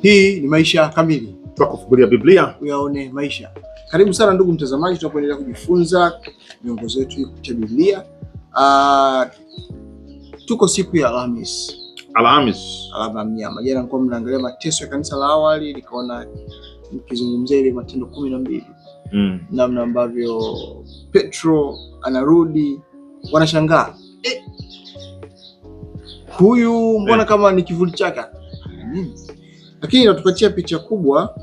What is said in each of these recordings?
Hii ni Maisha Kamili, tukufungulia Biblia uyaone maisha. Karibu sana ndugu mtazamaji, tunapoendelea kujifunza miongozo yetu kupitia Biblia. Uh, tuko siku ya alhamis Alhamisi, alama ya mnyama. Jana nilikuwa mnaangalia mateso ya kanisa la awali, nikaona mkizungumzia ile Matendo kumi na mbili mm. namna ambavyo Petro anarudi, wanashangaa eh, huyu mbona eh, kama ni kivuli chake mm lakini inatupatia picha kubwa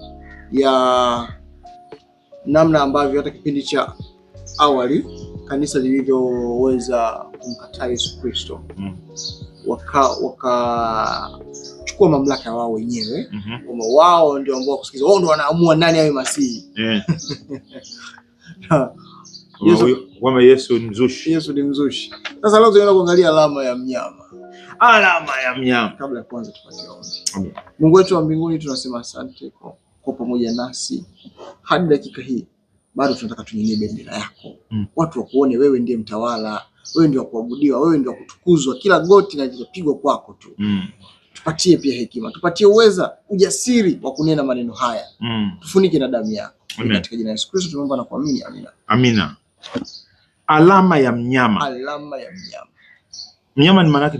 ya namna ambavyo hata kipindi cha awali kanisa lilivyoweza kumkataa Yesu Kristo mm. wakachukua mamlaka mamlaka wao wenyewe mm -hmm. wao ndio ambao kusikiza wao ndio wanaamua nani awe masihi yeah. Yesu, Yesu ni mzushi. Yesu ni mzushi. Sasa leo tunaenda kuangalia alama ya mnyama alama ya mnyama. Kabla ya kwanza tufanye maombi. Mungu wetu wa mbinguni, tunasema asante kwa pamoja nasi hadi dakika hii, bado tunataka tunyenye bendera yako mm. Watu wakuone wewe ndiye mtawala, wewe ndio wakuabudiwa, wewe ndio wakutukuzwa, kila goti na litapigwa kwako tu mm. Tupatie pia hekima, tupatie uweza, ujasiri wa kunena maneno haya mm. Tufunike na damu yako katika jina la Yesu Kristo tumeomba na kuamini, amina. Amina. Alama ya mnyama, alama ya mnyama, mnyama ni maana yake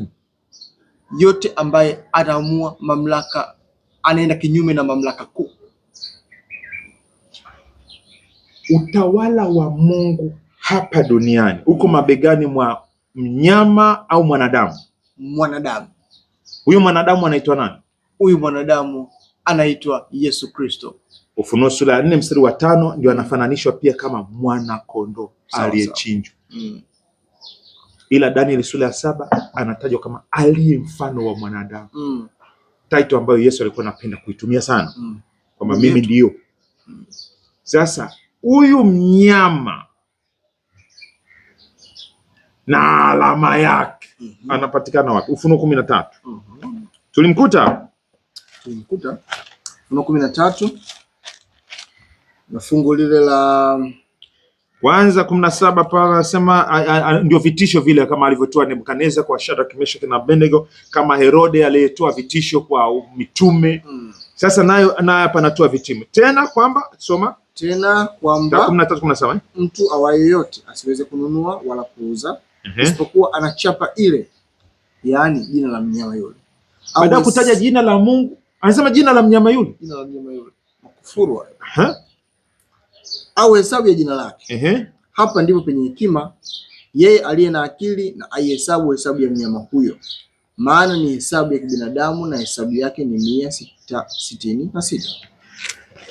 yote ambaye anaamua mamlaka anaenda kinyume na mamlaka kuu. Utawala wa Mungu hapa duniani uko mabegani mwa mnyama au mwanadamu? Mwanadamu. Huyu mwanadamu anaitwa nani? Huyu mwanadamu anaitwa Yesu Kristo. Ufunuo sura ya nne mstari wa tano ndio anafananishwa pia kama mwana kondoo aliyechinjwa. Mm ila Danieli sura ya saba anatajwa kama aliye mfano wa mwanadamu mm. Title ambayo Yesu alikuwa anapenda kuitumia sana mm. kwamba mimi ndio mm. Sasa huyu mnyama na alama yake mm -hmm. anapatikana wapi? Ufunuo kumi na tatu mm -hmm. tulimkuta tulimkuta Ufunuo kumi na tatu na fungu lile la kwanza kumi na saba Paulo anasema ndio vitisho vile kama alivyotoa Nebukadneza kwa Shadrach, Meshach na Abednego, kama Herode aliyetoa vitisho kwa mitume. Mm. Sasa nayo naye hapa anatoa vitimu tena kwamba soma Tena kwamba kumi na tatu kumi na saba eh? mtu awaye yote asiweze kununua wala kuuza Ehe. isipokuwa anachapa ile, yaani jina la mnyama yule, Baada kutaja jina la Mungu anasema jina la mnyama yule jina la mnyama yule. Makufuru hayo. Aha au hesabu ya jina lake. Ehe. Hapa ndipo penye hekima, yeye aliye na akili na aihesabu hesabu ya mnyama huyo, maana ni hesabu ya kibinadamu na hesabu yake ni mia sita, sitini na sita.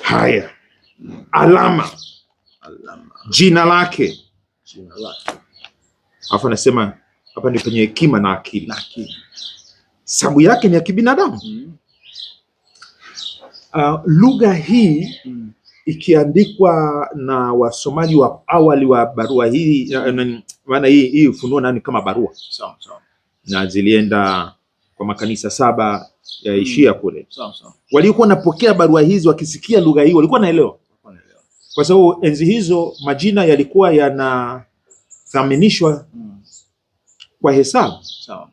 Haya, alama, alama. Jina lake, jina lake. Alafu anasema hapa ndipo penye hekima na akili, na akili. Hesabu yake ni ya kibinadamu mm. Uh, lugha hii mm ikiandikwa na wasomaji wa awali wa barua hii, eh, eh, maana hii hii Ufunuo nani kama barua sawa sawa, na zilienda kwa makanisa saba yaishia hmm. kule. Waliokuwa wanapokea barua hizi wakisikia lugha hii walikuwa naelewa, kwa sababu enzi hizo majina yalikuwa yanathaminishwa hmm. kwa hesabu sawa.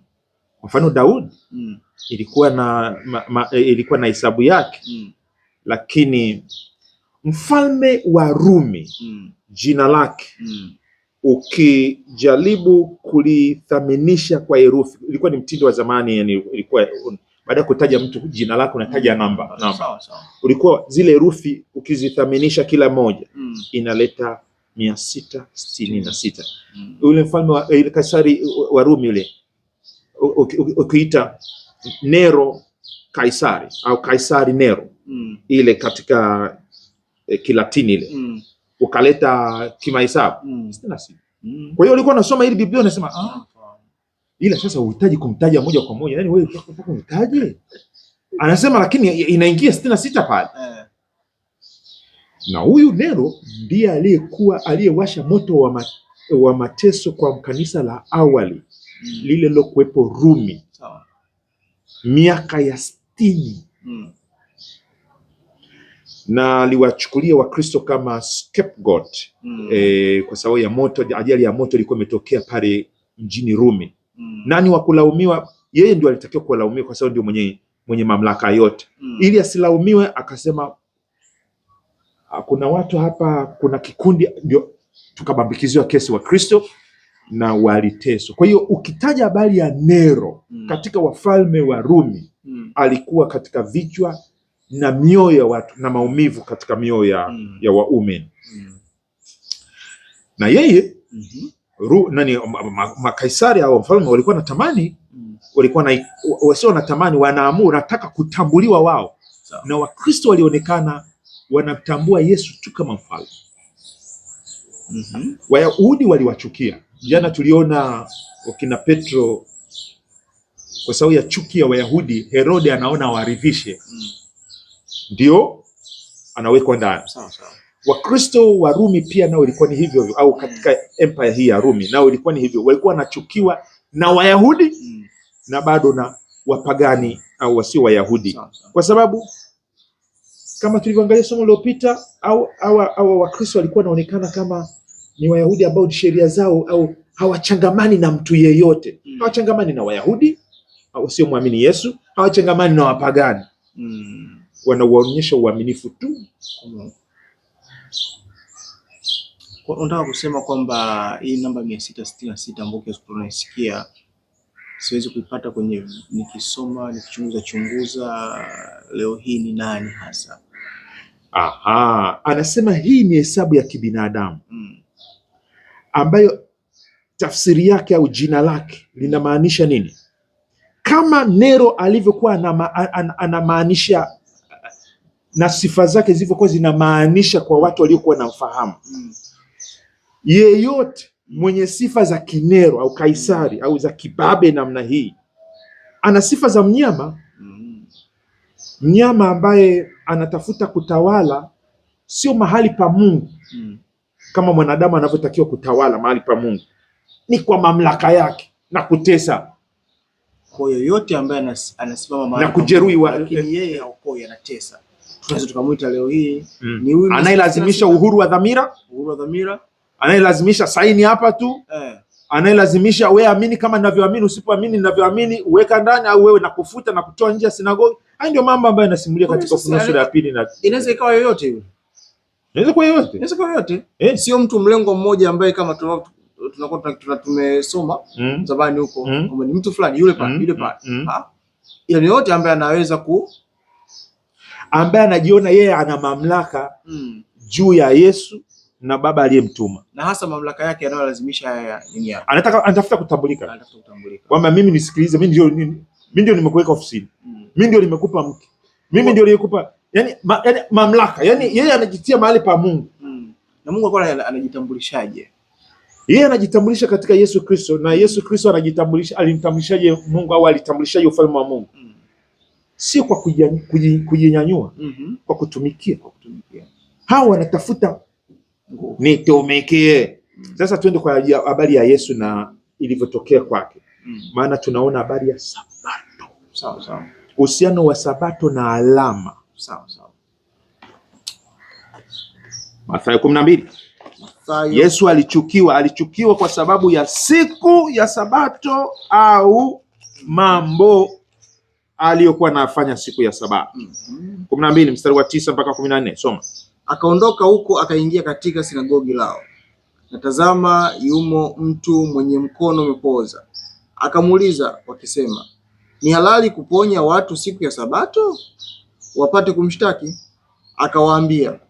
Kwa mfano Daudi hmm. ilikuwa na ma, ma, eh, ilikuwa na hesabu yake lakini mfalme wa Rumi mm. jina lake mm. ukijaribu kulithaminisha kwa herufi, ilikuwa ni mtindo wa zamani, yani ilikuwa baada ya kutaja mtu jina lake unataja mm. namba namba, ulikuwa zile herufi ukizithaminisha kila moja mm. inaleta mia sita sitini na sita mm. ule mfalme wa ile eh, Kaisari wa Rumi ule ukiita Nero Kaisari au Kaisari Nero mm. ile katika eh, Kilatini ile mm. ukaleta kimahesabu mm. sitini mm. kwa hiyo ulikuwa unasoma ile Biblia unasema ah, ila sasa uhitaji kumtaja moja kwa moja, yani wewe unahitaji anasema, lakini inaingia sitini na sita pale eh. na huyu Nero ndiye aliyekuwa aliyewasha moto wa, ma, wa mateso kwa kanisa la awali mm. lile lilokuwepo Rumi sawa, miaka ya sitini mm na aliwachukulia Wakristo kama scapegoat mm. E, kwa sababu ya moto, ajali ya moto ilikuwa imetokea pale mjini Rumi mm. Nani wa kulaumiwa? Yeye ndio alitakiwa kulaumiwa kwa sababu ndio mwenye, mwenye mamlaka yote mm. Ili asilaumiwe akasema ah, kuna watu hapa, kuna kikundi, ndio tukabambikiziwa kesi Wakristo na waliteswa. Kwa hiyo ukitaja habari ya Nero mm. katika wafalme wa Rumi mm. alikuwa katika vichwa na mioyo ya watu na maumivu katika mioyo ya, mm. ya waumini mm. na yeye mm -hmm. Ru, nani makaisari ma, ma, au mfalme walikuwa na tamani mm. walikuwa na wasio na tamani, wanaamua wanataka kutambuliwa wao so. na Wakristo walionekana wanamtambua Yesu tu kama mfalme mm -hmm. Wayahudi waliwachukia jana, tuliona wakina Petro kwa sababu ya chuki ya Wayahudi, Herode anaona waridhishe mm ndio anawekwa ndani. Wakristo wa Rumi pia nao ilikuwa ni hivyo au katika empire hii ya Rumi nao ilikuwa ni hivyo, walikuwa wanachukiwa na Wayahudi mm. na bado na wapagani au wasio Wayahudi, kwa sababu kama tulivyoangalia somo lililopita, au au Wakristo walikuwa wanaonekana kama ni Wayahudi ambao sheria zao au hawachangamani na mtu yeyote mm. hawachangamani na Wayahudi wasiomwamini Yesu, hawachangamani na wapagani mm wanawaonyesha uaminifu tu. Unataka kusema kwamba hii namba mia sita sitini na sita ambayo siwezi kuipata kwenye nikisoma nikichunguza chunguza leo hii ni nani hasa? Aha, anasema hii ni hesabu ya kibinadamu mm, ambayo tafsiri yake au jina lake linamaanisha nini? Kama Nero alivyokuwa anamaanisha na sifa zake zilivyokuwa zinamaanisha kwa watu waliokuwa na ufahamu mm. Yeyote mwenye sifa za kinero au kaisari au za kibabe namna hii ana sifa za mnyama mm. Mnyama ambaye anatafuta kutawala sio mahali pa Mungu mm. Kama mwanadamu anavyotakiwa kutawala mahali pa Mungu ni kwa mamlaka yake na kutesa kwa yoyote ambaye anasimama mahali na kujeruhi, lakini yeye haokoi, anatesa tunaweza tukamwita leo hii mm. ni huyu anayelazimisha uhuru wa dhamira, uhuru wa dhamira, anayelazimisha saini hapa tu eh. anayelazimisha wewe amini kama ninavyoamini, usipoamini ninavyoamini, uweka ndani au wewe nakufuta na kutoa nje ya sinagogi. Haya ndio mambo ambayo yanasimulia katika Ufunuo sura ya pili, na inaweza ikawa yoyote yule, inaweza kuwa yoyote, inaweza kuwa yoyote eh. sio mtu mlengo mmoja ambaye kama tunakuwa tunakuwa tumesoma mm. zamani huko mm. ni mtu fulani yule pale mm. yule pale mm. mm. ha ah. yaani ila yote ambaye anaweza ku ambaye anajiona yeye ana mamlaka mm. juu ya Yesu na Baba aliyemtuma, na hasa mamlaka yake yanayolazimisha haya nini yake, anataka anatafuta kutambulika, anataka kutambulika kwamba mimi nisikilize, mimi ndio mimi ndio nimekuweka ofisini mm. mimi ndio nimekupa mke, mimi ndio nilikupa yani, ma, yani mamlaka yani yeye anajitia mahali pa Mungu mm. na Mungu kwa anajitambulishaje? Yeye anajitambulisha katika Yesu Kristo, na Yesu Kristo anajitambulisha, alimtambulishaje Mungu au alitambulishaje ufalme wa Mungu mm sio kwa kujinyanyua mm -hmm. Kwa kutumikia, kwa kutumikia. Hawa wanatafuta nitumikie mm. Sasa tuende kwa habari ya Yesu na ilivyotokea kwake, mm. maana tunaona habari ya Sabato, sawa sawa, uhusiano wa Sabato na alama, sawa sawa. Mathayo kumi na mbili Yesu alichukiwa, alichukiwa kwa sababu ya siku ya Sabato au mambo aliyokuwa anafanya siku ya saba. Mhm. kumi na mbili mstari wa tisa mpaka kumi na nne soma. Akaondoka huko akaingia katika sinagogi lao, natazama yumo mtu mwenye mkono umepooza. Akamuuliza wakisema, ni halali kuponya watu siku ya sabato? wapate kumshtaki. Akawaambia,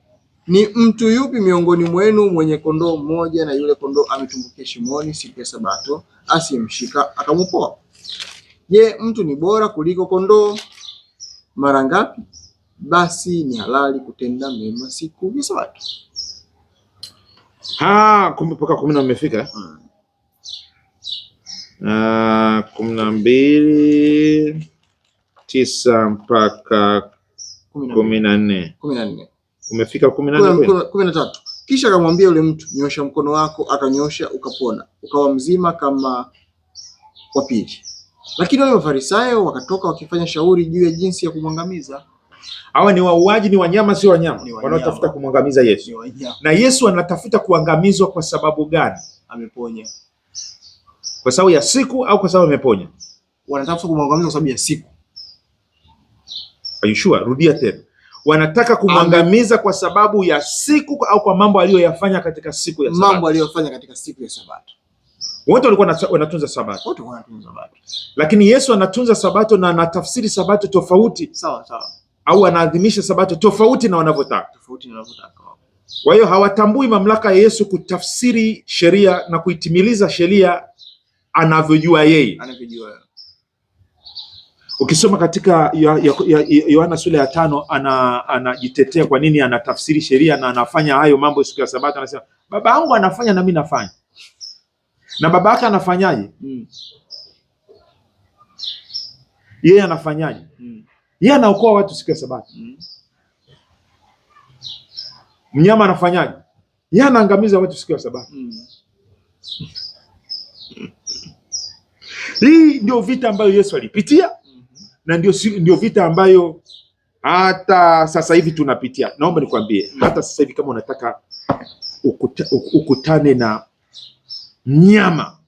ni mtu yupi miongoni mwenu mwenye kondoo mmoja, na yule kondoo ametumbukia shimoni siku ya sabato, asiyemshika akamupoa? Je, mtu ni bora kuliko kondoo mara ngapi? Basi ni halali kutenda mema siku ya Sabato. Ha, kumbe mpaka kumi na mmefika hmm. kumi na mbili tisa mpaka kumi na nne kumi na nne umefika kumi na nne kumi na tatu Kisha akamwambia yule mtu, nyosha mkono wako. Akanyosha ukapona, ukawa mzima kama wa pili. Lakini wale Mafarisayo wakatoka wakifanya shauri juu ya jinsi ya kumwangamiza. Hawa ni wauaji, ni wanyama, sio wanyama, wanaotafuta kumwangamiza Yesu. Na Yesu anatafuta kuangamizwa kwa sababu gani? Ameponya kwa sababu ya siku au kwa sababu ameponya? Wanatafuta kumwangamiza kwa sababu ya siku. Are you sure? Rudia tena, wanataka kumwangamiza kwa sababu ya siku au kwa mambo aliyoyafanya katika siku ya Sabato. Mambo aliyofanya katika siku ya Sabato wote walikuwa wanatunza sabato, wote wanatunza sabato, lakini Yesu anatunza sabato na anatafsiri sabato tofauti sawa sawa, au anaadhimisha sabato tofauti na wanavyotaka, tofauti na wanavyotaka. Kwa hiyo hawatambui mamlaka ya Yesu kutafsiri sheria na kuitimiliza sheria anavyojua yeye, anavyojua. Ukisoma katika Yohana sura ya tano, anajitetea kwa nini anatafsiri sheria na anafanya hayo mambo siku ya Sabato, anasema baba yangu anafanya na mimi nafanya na baba yake anafanyaje? mm. yeye anafanyaje? mm. yeye anaokoa watu siku ya Sabato. mm. mnyama anafanyaje? yeye anaangamiza watu siku ya Sabato. mm. Hii ndio vita ambayo Yesu alipitia. mm -hmm. Na ndio, ndio vita ambayo hata sasa hivi tunapitia. Naomba nikwambie, hata sasa hivi kama unataka ukuta, ukutane na mnyama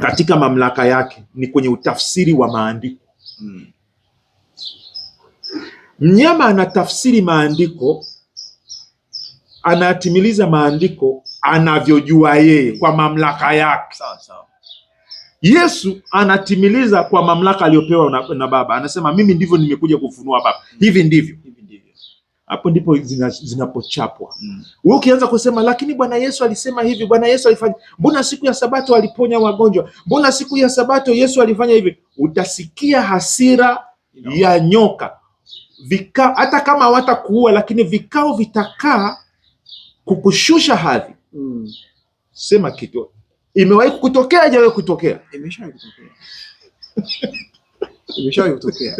katika mamlaka yake ni kwenye utafsiri wa maandiko hmm. Mnyama anatafsiri maandiko, anatimiliza maandiko anavyojua yeye kwa mamlaka yake sawa sawa. Yesu anatimiliza kwa mamlaka aliyopewa na, na Baba. Anasema mimi ndivyo nimekuja kufunua Baba, hivi ndivyo hapo ndipo zinapochapwa zina mm. Wewe ukianza kusema lakini Bwana Yesu alisema hivi, Bwana Yesu alifanya, mbona siku ya Sabato aliponya wagonjwa, mbona siku ya Sabato Yesu alifanya hivi, utasikia hasira no. ya nyoka vikao, hata kama hawatakuua lakini vikao vitakaa kukushusha hadhi mm. Sema kitu imewahi kukutokea, haijawahi kutokea? Imeshawahi kutokea, imeshawahi kutokea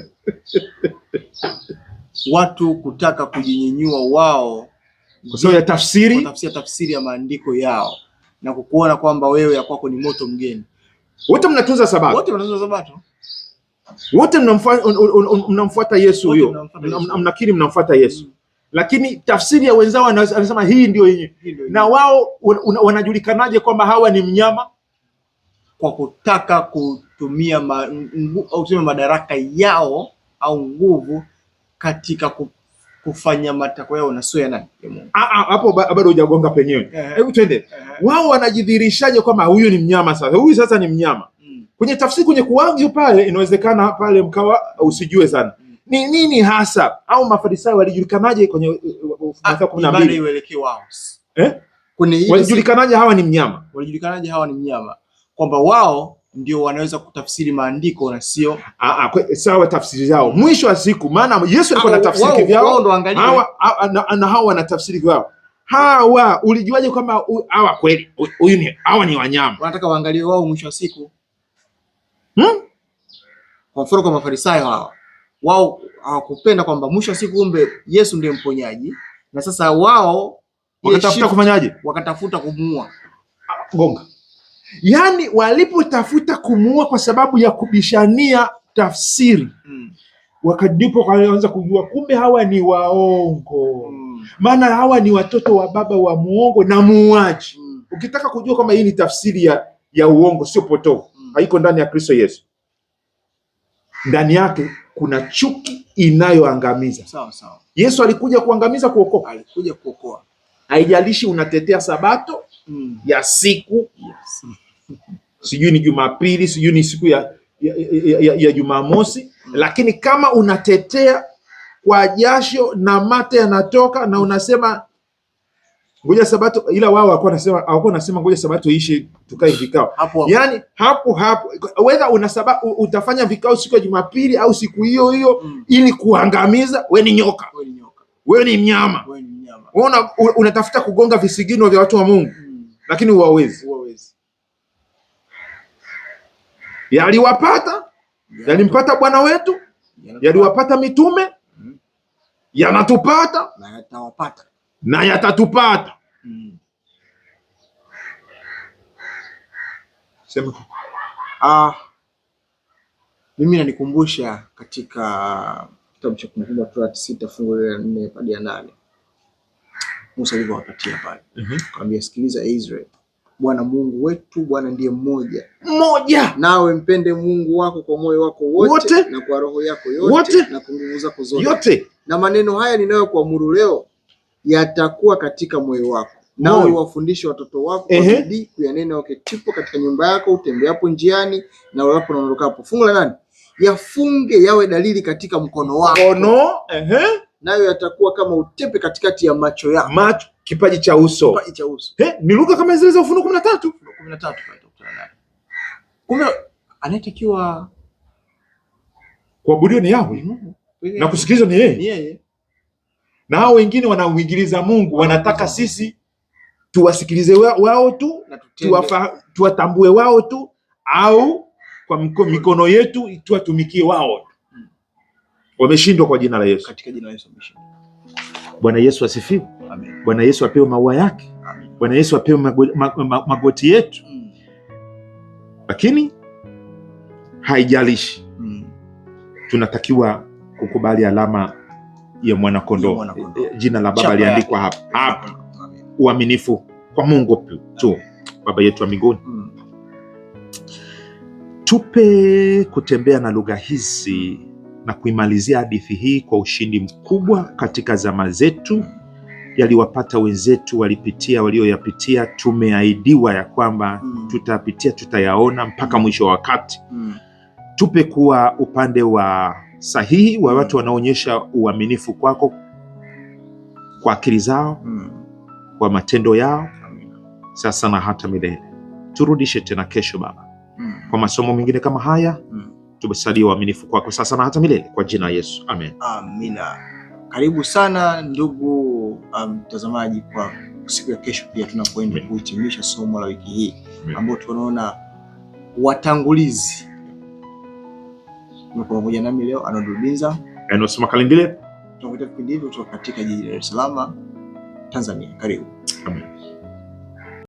watu kutaka kujinyinyua wao kwa tafsiri tafsiri ya maandiko yao na kukuona kwamba wewe ya kwako ni moto mgeni. Wote mnatunza sabato, wote mnatunza sabato, wote mnamfuata Yesu, huyo mnakiri mnamfuata Yesu mm. Lakini tafsiri ya wenzao anasema hii ndio yenye, na wao wanajulikanaje kwamba hawa ni mnyama? Kwa kutaka kutumia ma, au kusema madaraka yao au nguvu katika kufanya matakwa yao na sio ya nani? Hapo bado hujagonga penyewe. Hebu twende, wao wanajidhihirishaje kwamba huyu ni mnyama? Sasa huyu sasa ni mnyama mm. Kwenye tafsiri kwenye kuwagyu pale, inawezekana pale mkawa usijue sana mm. Ni nini hasa au mafarisayo walijulikanaje kwenye uh, uh, uh, Mathayo kumi na ah, mbili eh? walijulikanaje hawa ni mnyama? Walijulikanaje hawa ni mnyama kwamba wao ndio wanaweza kutafsiri maandiko na sio ah, ah, sawa tafsiri zao mwisho wa siku, maana Yesu alikuwa anatafsiri kivyao na hawa wanatafsiri kivyao. Hawa ulijuaje kwamba hawa kweli huyu ni hawa ni wanyama? Wanataka waangalie wao mwisho wa siku hmm? Kwa mfano kwa Mafarisayo hawa wao hawakupenda kwamba mwisho wa siku kumbe Yesu ndiye mponyaji, na sasa wao wakatafuta kufanyaje? Wakatafuta kumuua. Ah, gonga yaani walipotafuta kumuua kwa sababu ya kubishania tafsiri mm. wakadipo kaanza kujua kumbe hawa ni waongo hmm. maana mm. hawa ni watoto wa baba wa muongo na muuaji mm. ukitaka kujua kwamba hii ni tafsiri ya, ya uongo sio potofu mm. haiko ndani ya Kristo Yesu ndani yake kuna chuki inayoangamiza Yesu alikuja kuangamiza, kuokoa. Haijalishi unatetea sabato mm. ya siku yes. sijui ni Jumapili, sijui ni siku ya, ya, ya, ya, ya Jumamosi mm. lakini kama unatetea kwa jasho na mate yanatoka na unasema ngoja Sabato, ila wao wako wanasema wako wanasema ngoja Sabato ishe tukae vikao hapo, hapo. yani hapo hapo, whether una sababu utafanya vikao siku ya Jumapili au siku hiyo hiyo mm. ili kuangamiza, wewe ni nyoka, wewe ni nyoka, wewe ni mnyama, wewe ni mnyama, we una, unatafuta kugonga visigino vya watu wa Mungu mm lakini huwawezi, huwawezi. Yaliwapata, yalimpata Bwana wetu, yaliwapata mitume, hmm. yanatupata na yatatupata. Hmm. Ah, mimi nanikumbusha katika kitabu cha Kumbukumbu la Torati sita fungu la nne hadi ya nane Musa alivyowapatia pale. mm -hmm. Kaambia, sikiliza Bwana Mungu wetu Bwana ndiye mmoja mmoja, nawe mpende Mungu wako kwa moyo wako wote, wote, na kwa roho yako yote, wote, na kwa nguvu zako zote yote. Na maneno haya ninayokuamuru leo yatakuwa katika moyo wako, nawe wafundishe watoto wako kwa bidii kuyanena waketipo katika nyumba yako, utembeapo njiani, na walapo na Fungu la nane, yafunge yawe dalili katika mkono wako. Mkono, ehe nayo yatakuwa kama utepe katikati ya macho yako. Macho, kipaji cha uso, kipaji cha uso. He, eh, ni lugha kama zile za Ufunuo kumi na tatu kumi na tatu Kumbe anayetakiwa kuabudiwa ni Yahweh mm -hmm. na kusikilizwa ni yeye yeah, yeah. na hao wengine wanamwigiliza Mungu, wanataka sisi tuwasikilize wao tu, tuwatambue wao tu, au kwa mikono yetu tuwatumikie wao wameshindwa kwa jina la Yesu. Katika jina la Yesu wameshindwa. Bwana Yesu asifiwe. Amen. Bwana Yesu apewe maua yake. Amen. Bwana Yesu apewe magoti yetu. Mm. Lakini haijalishi mm. tunatakiwa kukubali alama ya mwanakondo eh, jina la Baba liandikwa hapa hapa, uaminifu kwa Mungu tu. Baba yetu wa mbinguni mm. tupe kutembea na lugha hizi na kuimalizia hadithi hii kwa ushindi mkubwa katika zama zetu. Yaliwapata wenzetu walipitia walioyapitia, tumeahidiwa ya kwamba mm. tutapitia, tutayaona mpaka mm. mwisho wa wakati mm. tupe kuwa upande wa sahihi wa mm. watu wanaoonyesha uaminifu kwako kwa akili zao mm. kwa matendo yao sasa na hata milele. Turudishe tena kesho Baba mm. kwa masomo mengine kama haya tumesalia uaminifu kwako sasa na hata milele, kwa jina la Yesu amen. Amina. Karibu sana ndugu um, mtazamaji, um, kwa siku ya kesho pia tunapoenda kuhitimisha somo la wiki hii ambao tunaona watangulizi. Pamoja nami leo Arnold Rubinza, Enos Makalindile, tunakuletea vipindi hivyo kutoka katika jiji la Dar es Salaam, Tanzania. Karibu amen.